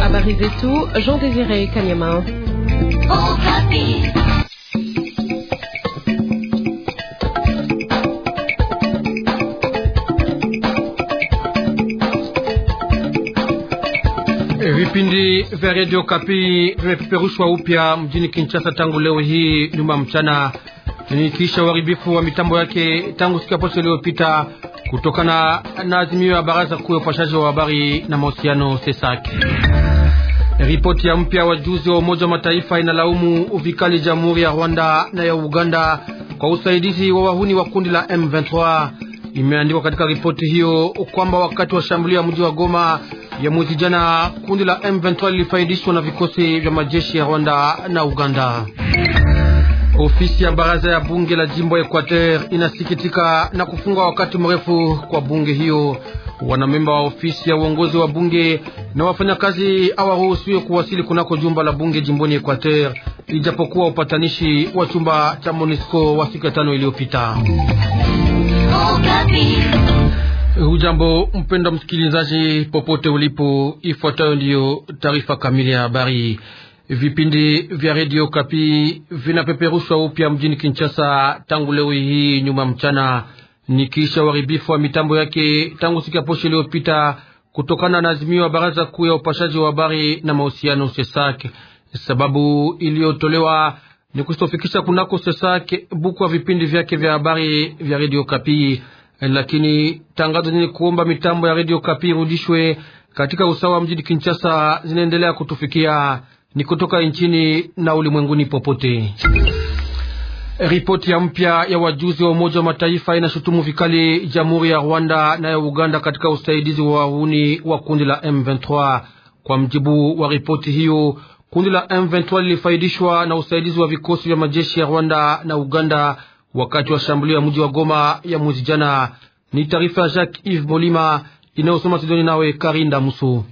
Habari zetu Jean Désiré Kanyama. Eh, vipindi vya Radio Kapi vimepeperushwa upya mjini Kinshasa tangu leo hii nyuma mchana, nikiisha uharibifu wa mitambo yake tangu siku ya posho iliyopita kutokana na azimio ya baraza kuu ya upashaji wa habari na mahusiano SESAK. Ripoti ya mpya wa juzi wa Umoja wa Mataifa inalaumu vikali Jamhuri ya Rwanda na ya Uganda kwa usaidizi wa wahuni wa kundi la M23. Imeandikwa katika ripoti hiyo kwamba wakati wa shambulio ya mji wa Goma ya mwezi jana, kundi la M23 lilifaidishwa na vikosi vya majeshi ya Rwanda na Uganda. Ofisi ya baraza ya bunge la jimbo ya Equateur inasikitika na kufunga wakati mrefu kwa bunge hiyo. Wanamemba wa ofisi ya uongozi wa bunge na wafanyakazi hawaruhusiwe kuwasili kunako jumba la bunge jimboni Equateur, ijapokuwa upatanishi wa chumba cha Monisco wa siku ya tano iliyopita. Hujambo mpenda msikilizaji, popote ulipo, ifuatayo ndiyo taarifa kamili ya habari. Vipindi vya redio Kapi vinapeperushwa upya mjini Kinshasa tangu leo hii nyuma mchana, nikiisha uharibifu wa mitambo yake tangu siku ya posho iliyopita kutokana na azimio wa baraza kuu ya upashaji wa habari na mahusiano SESAK. Sababu iliyotolewa ni kusitofikisha kunako SESAK buku wa vipindi vyake vya habari vya redio Kapi, lakini tangazo zenye kuomba mitambo ya redio Kapi irudishwe katika usawa mjini Kinshasa zinaendelea kutufikia ni kutoka nchini na ulimwenguni popote. Ripoti ya mpya ya wajuzi wa Umoja wa Mataifa inashutumu vikali Jamhuri ya Rwanda na ya Uganda katika usaidizi wa wahuni wa kundi la M23. Kwa mjibu wa ripoti hiyo, kundi la M23 lilifaidishwa na usaidizi wa vikosi vya majeshi ya Rwanda na Uganda wakati wa shambulio ya mji wa Goma ya mwezi jana. Ni taarifa ya Jacques Yves Molima inayosoma sizoni nawe Karinda Musu.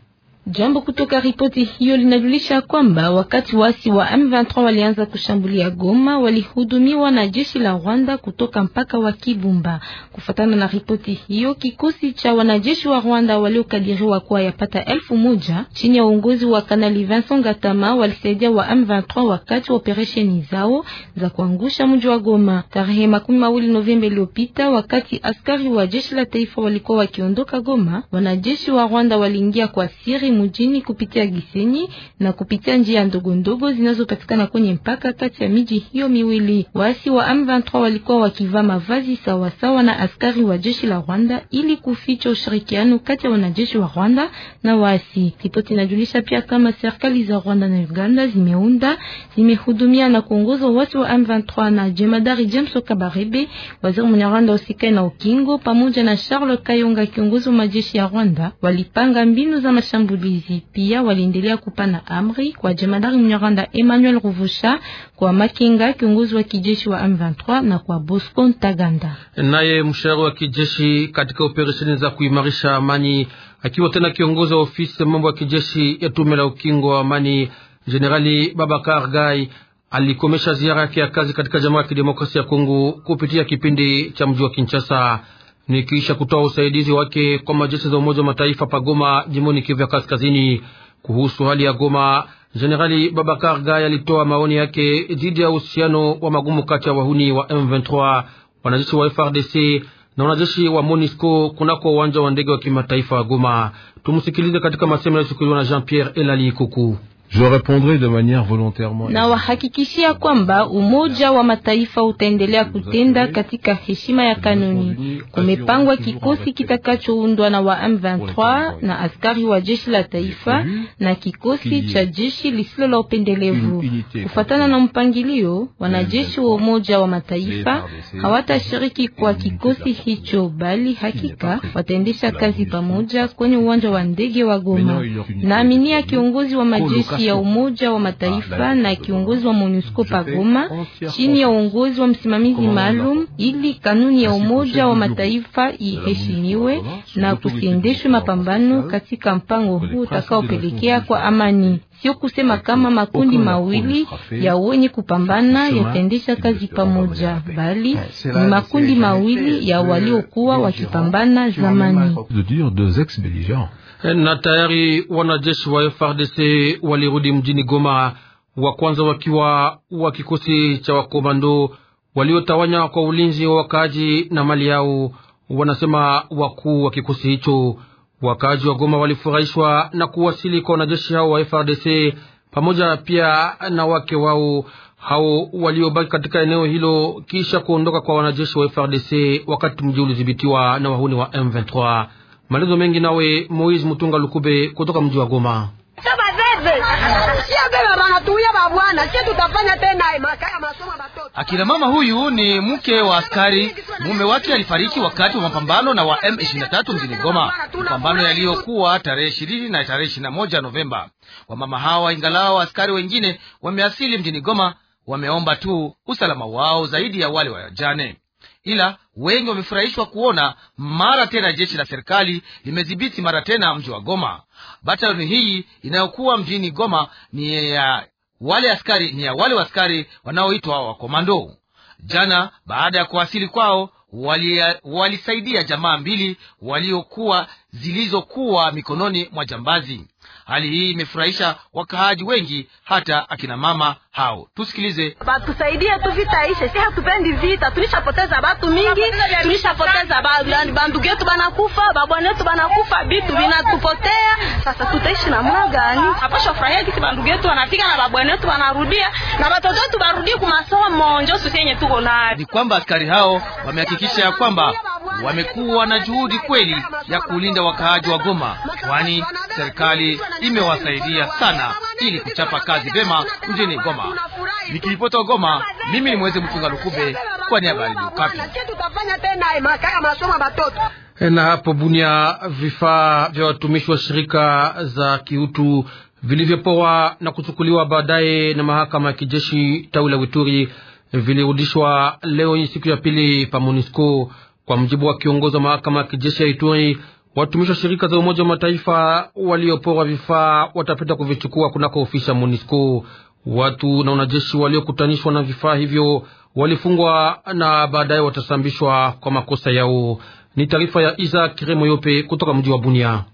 Jambo kutoka ripoti hiyo linajulisha kwamba wakati waasi wa M23 walianza kushambulia Goma, walihudumiwa na jeshi la Rwanda kutoka mpaka wa Kibumba. Kufatana na ripoti hiyo, kikosi cha wanajeshi wa Rwanda waliokadiriwa kuwa yapata elfu moja chini ya uongozi wa Kanali Vincent Gatama walisaidia wa M23 wakati wa operesheni zao za kuangusha mji wa Goma tarehe makumi mawili Novemba iliyopita. Wakati askari wa jeshi la taifa walikuwa wakiondoka Goma, wanajeshi wa Rwanda waliingia kwa siri mjini kupitia Gisenyi na kupitia njia ndogo ndogo zinazopatikana kwenye mpaka kati ya miji hiyo miwili. Waasi wa M23 walikuwa wakivaa mavazi sawa sawa na askari wa jeshi la Rwanda ili kuficha ushirikiano kati ya wanajeshi wa Rwanda na waasi. Ripoti inajulisha pia kama serikali za Rwanda na Uganda zimeunda, zimehudumia na kuongoza waasi wa M23 na jemadari James Kabarebe, waziri mwenye Rwanda usikae na ukingo, pamoja na Charles Kayonga, kiongozi wa majeshi ya Rwanda, walipanga mbinu za mashambulio Msimbazi. Pia waliendelea kupana amri kwa jemadari mnyoranda Emmanuel Ruvusha, kwa Makenga kiongozi wa kijeshi wa M23 na kwa Bosco Ntaganda naye mshauri wa kijeshi katika operesheni za kuimarisha amani, akiwa tena kiongozi wa ofisi ya mambo ya kijeshi ya tume la ukingo wa amani, Jenerali Babakar Gai alikomesha ziara yake ya kazi katika Jamhuri ya Kidemokrasia ya Kongo kupitia kipindi cha mji wa Kinshasa ni kisha kutoa usaidizi wake kwa majeshi za Umoja wa Mataifa pagoma jimboni Kivu ya Kaskazini. Kuhusu hali ya Goma, Jenerali Babakar Gay alitoa maoni yake dhidi ya uhusiano wa magumu kati ya wahuni wa M23, wanajeshi wa FRDC na wanajeshi wa MONUSCO kunako uwanja wa ndege wa kimataifa wa Goma. Tumsikilize katika masemo yaliyochukuliwa na Jean Pierre Elali Kuku na wahakikishia kwamba Umoja wa Mataifa utaendelea kutenda katika heshima ya kanuni. Kumepangwa kikosi kitakachoundwa na wa M23 na askari wa jeshi la taifa na kikosi cha jeshi lisilo la upendelevu. Kufuatana na mpangilio, wanajeshi wa Umoja wa Mataifa hawatashiriki kwa kikosi hicho, bali hakika wataendesha kazi pamoja kwenye uwanja wa ndege wa Goma. Naaminia kiongozi wa majeshi kati ya Umoja wa Mataifa ah, na kiongozi wa MONUSCO pagoma chini ya uongozi wa msimamizi maalum, ili kanuni ya Umoja wa Mataifa iheshimiwe na kusiendeshwe mapambano katika mpango huu utakaopelekea kwa amani sio kusema kama makundi mawili ya wenye kupambana yatendesha kazi pamoja, bali eh, ni makundi mawili ya waliokuwa wakipambana zamani. Eh, na tayari wanajeshi wa FRDC walirudi mjini Goma, wa kwanza wakiwa wa kikosi cha wakomando waliotawanya kwa ulinzi wa wakaaji na mali yao, wanasema wakuu wa kikosi hicho. Wakazi wa Goma walifurahishwa na kuwasili kwa wanajeshi hao wa FRDC pamoja pia na wake wao hao waliobaki katika eneo hilo kisha kuondoka kwa wanajeshi wa FRDC wakati mji ulidhibitiwa na wahuni wa M23. Maelezo mengi nawe Moise Mutunga Lukube kutoka mji wa Goma. Akina mama huyu ni mke wa askari. Mume wake alifariki wakati wa mapambano na wa M23 mjini Goma, mapambano yaliyokuwa tarehe ishirini na tarehe ishirini na moja Novemba. Wamama hawa, ingalao askari wengine wameasili mjini Goma, wameomba tu usalama wao zaidi ya wale wajane, ila wengi wamefurahishwa kuona mara tena jeshi la serikali limedhibiti mara tena mji wa Goma. Batalioni hii inayokuwa mjini Goma ni ya wale askari ni ya wale waskari wanaoitwa wakomando. Jana baada ya kuwasili kwao, walisaidia wali jamaa mbili waliokuwa zilizokuwa mikononi mwa jambazi. Hali hii imefurahisha wakaaji wengi, hata akina mama hao. Tusikilize. Batusaidie tu, vita ishe, si hatupendi vita. Tulishapoteza batu mingi, tulishapoteza bandugu yetu, banakufa babwana yetu, banakufa bitu vinatupotea. Sasa tutaishi namna gani? aposha furahia kisi bandugu yetu wanafika na babwana yetu wanarudia na watoto wetu barudie kumasomo, njo susi tuko nayo. Ni kwamba askari hao wamehakikisha ya kwamba wamekuwa na juhudi kweli ya kulinda wakaaji wa Goma, kwani serikali imewasaidia sana ili kuchapa kazi vema mjini Goma. wa Goma, mimi ni mwezi mchunga Lukube kwa niaba ya Okapi. Na hapo Bunia, vifaa vya watumishi wa shirika za kiutu vilivyopoa na kuchukuliwa baadaye na mahakama ya kijeshi tawi la Wituri vilirudishwa leo hii siku ya pili pa MONUSCO kwa mjibu wa kiongozi wa mahakama ya kijeshi ya Ituri, watumishi wa shirika za Umoja wa Mataifa walioporwa vifaa watapenda kuvichukua kunako ofisi ya MONUSCO. Watu na wanajeshi waliokutanishwa na vifaa hivyo walifungwa na baadaye watasambishwa kwa makosa yao. Ni taarifa ya Isaac Remoyope kutoka mji wa Bunia.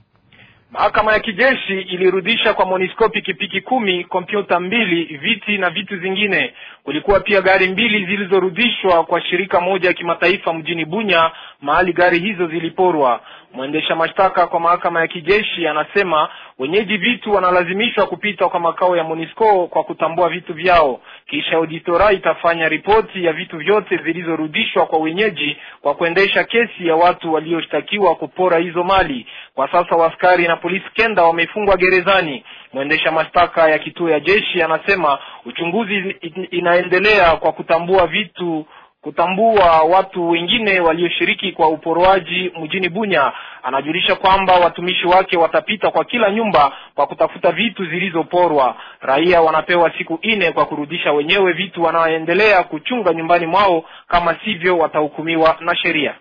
Mahakama ya kijeshi ilirudisha kwa MONUSCO pikipiki kumi, kompyuta mbili, viti na vitu zingine. Kulikuwa pia gari mbili zilizorudishwa kwa shirika moja ya kimataifa mjini Bunya, mahali gari hizo ziliporwa. Mwendesha mashtaka kwa mahakama ya kijeshi anasema Wenyeji vitu wanalazimishwa kupita kwa makao ya Monisco kwa kutambua vitu vyao, kisha auditora itafanya ripoti ya vitu vyote zilizorudishwa kwa wenyeji kwa kuendesha kesi ya watu walioshtakiwa kupora hizo mali. Kwa sasa waskari na polisi kenda wamefungwa gerezani. Mwendesha mashtaka ya kituo ya jeshi anasema uchunguzi inaendelea kwa kutambua vitu kutambua watu wengine walioshiriki kwa uporoaji mjini Bunya. Anajulisha kwamba watumishi wake watapita kwa kila nyumba kwa kutafuta vitu zilizoporwa. Raia wanapewa siku nne kwa kurudisha wenyewe vitu wanaoendelea kuchunga nyumbani mwao, kama sivyo watahukumiwa na sheria.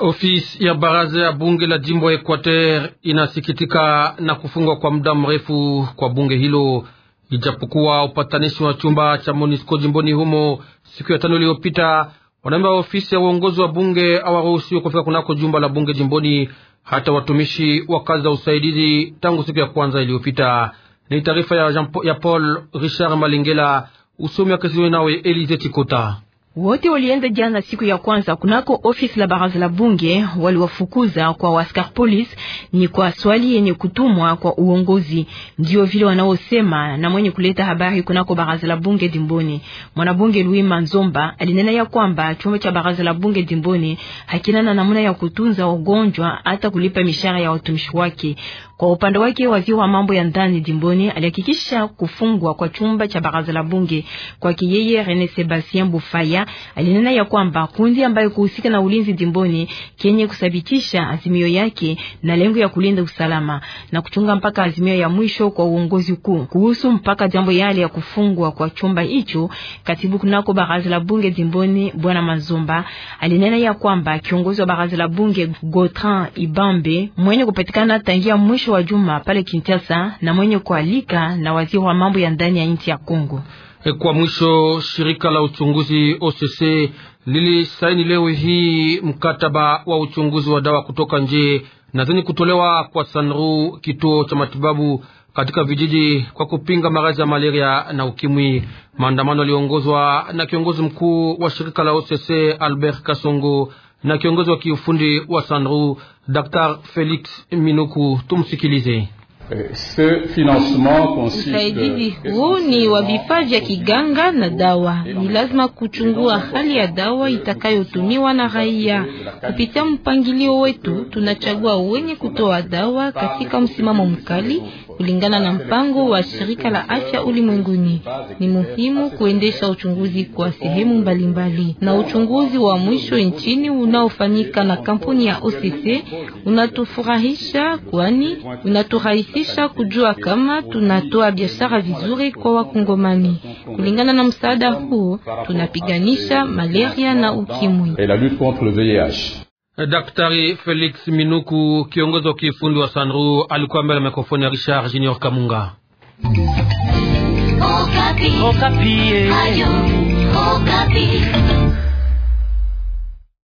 Ofisi ya baraza ya bunge la jimbo Equateur inasikitika na kufungwa kwa muda mrefu kwa bunge hilo. Ijapokuwa upatanishi wa chumba cha MONUSCO jimboni humo siku ya tano iliyopita, wanaume wa ofisi ya uongozi wa bunge hawaruhusiwi kufika kunako jumba la bunge jimboni, hata watumishi wa kazi za usaidizi tangu siku ya kwanza iliyopita. Ni taarifa ya, ya Paul Richard Malingela, usomi wa kesi nawe Elize tikota wote walienda jana siku ya kwanza kunako ofisi la baraza la bunge, waliwafukuza kwa waskar police. Ni kwa swali yenye kutumwa kwa uongozi, ndio vile wanaosema na mwenye kuleta habari kunako baraza la bunge dimboni. Mwanabunge Louis Manzomba alinena ya kwamba chombo cha baraza la bunge dimboni hakina na namna ya kutunza wagonjwa hata kulipa mishahara ya watumishi wake. Kwa upande wake, waziri wa mambo ya ndani jimboni alihakikisha kufungwa kwa chumba cha baraza la bunge. Kwake yeye, Rene Sebastien Bufaya alinena ya kwamba kundi ambayo kuhusika na ulinzi jimboni kenye kusabitisha azimio yake na lengo ya kulinda usalama na kuchunga mpaka azimio ya mwisho kwa uongozi kuu kuhusu mpaka jambo yale ya kufungwa kwa chumba hicho. Katibu kunako baraza la bunge jimboni Bwana Mazumba alinena ya kwamba kiongozi wa baraza la bunge Gotran Ibambe mwenye kupatikana tangia mwisho mwisho wa juma pale Kinshasa na mwenye kualika na waziri wa mambo ya ndani ya nchi ya Kongo. E, kwa mwisho, shirika la uchunguzi OCC lilisaini leo hii mkataba wa uchunguzi wa dawa kutoka nje na zenye kutolewa kwa Sanru, kituo cha matibabu katika vijiji, kwa kupinga maradhi ya malaria na ukimwi. Maandamano yaliongozwa na kiongozi mkuu wa shirika la OCC Albert Kasongo na kiongozi wa kiufundi wa Sandru Dr. Felix Minuku. Tumsikilize. Usaidizi huu ni wa vifaa vya kiganga na dawa. Ni lazima kuchungua hali ya dawa euh, itakayotumiwa na raia. Kupitia mpangilio wetu, tunachagua wenye kutoa dawa katika msimamo mkali kulingana na mpango wa shirika la afya ulimwenguni. Ni muhimu kuendesha uchunguzi kwa sehemu mbalimbali mbali. Na uchunguzi wa mwisho nchini unaofanyika na kampuni ya OCC unatufurahisha, kwani unaturahisisha kujua kama tunatoa biashara vizuri kwa Wakongomani. Kulingana na msaada huo, tunapiganisha malaria na ukimwi. Eh, Daktari Felix Minuku, kiongozi wa kiufundi wa Sanru, alikuwa mbele ya mikrofoni ya Richard Junior Kamunga. Okapi. Okapi. Eh. Ayo, Okapi.